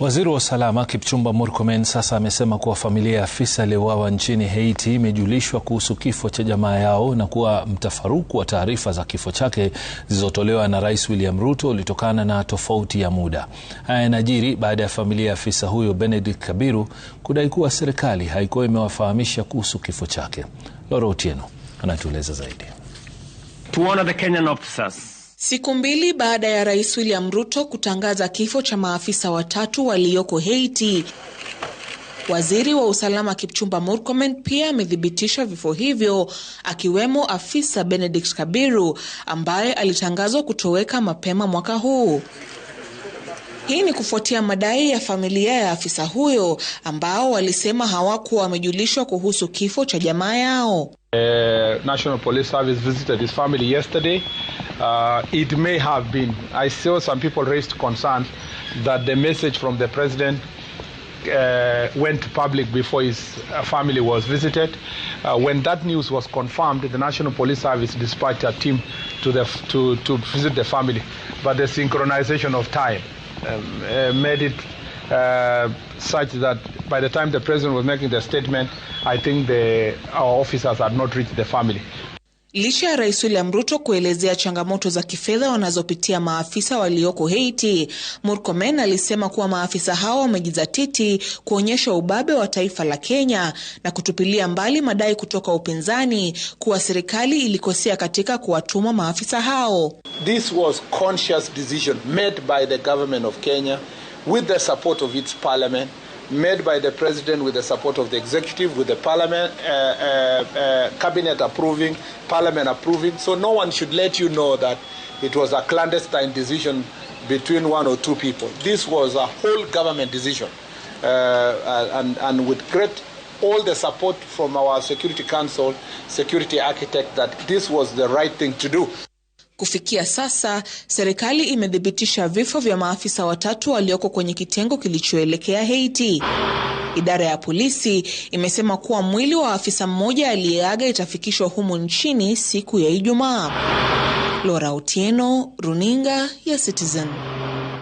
Waziri wa usalama Kipchumba Murkomen sasa amesema kuwa familia ya afisa aliyeuawa nchini Haiti imejulishwa kuhusu kifo cha jamaa yao na kuwa mtafaruku wa taarifa za kifo chake zilizotolewa na Rais William Ruto ulitokana na tofauti ya muda. Haya yanajiri baada ya familia ya afisa huyo Benedict Kabiru kudai kuwa serikali haikuwa imewafahamisha kuhusu kifo chake. Loro Otieno anatueleza zaidi. To the Kenyan officers Siku mbili baada ya Rais William Ruto kutangaza kifo cha maafisa watatu walioko Haiti, Waziri wa usalama Kipchumba Murkomen pia amethibitisha vifo hivyo, akiwemo afisa Benedict Kabiru ambaye alitangazwa kutoweka mapema mwaka huu. Hii ni kufuatia madai ya familia ya afisa huyo ambao walisema hawakuwa wamejulishwa kuhusu kifo cha jamaa yao. Uh, National Police Service visited his family yesterday. Uh, it may have been. I saw some people raised concerns that the message from the president Uh, went public before his uh, family was visited. Uh, when that news was confirmed, the National Police Service dispatched a team to, the, to, to visit the family. But the synchronization of time Uh, uh, made it uh, such that by the time the president was making the statement, I think the, our officers had not reached the family. Licha ya Rais William Ruto kuelezea changamoto za kifedha wanazopitia maafisa walioko Haiti, Murkomen alisema kuwa maafisa hao wamejizatiti kuonyesha ubabe wa taifa la Kenya na kutupilia mbali madai kutoka upinzani kuwa serikali ilikosea katika kuwatuma maafisa hao. This was conscious decision made by the government of Kenya with the support of its parliament. made by the president with the support of the executive, with the parliament, uh, uh, uh, cabinet approving, parliament approving. So no one should let you know that it was a clandestine decision between one or two people. This was a whole government decision, uh, uh, and, and with great all the support from our Security Council, security architect, that this was the right thing to do. Kufikia sasa serikali imethibitisha vifo vya maafisa watatu walioko kwenye kitengo kilichoelekea Haiti. Idara ya polisi imesema kuwa mwili wa afisa mmoja aliyeaga itafikishwa humu nchini siku ya Ijumaa. Laura Otieno, Runinga ya Citizen.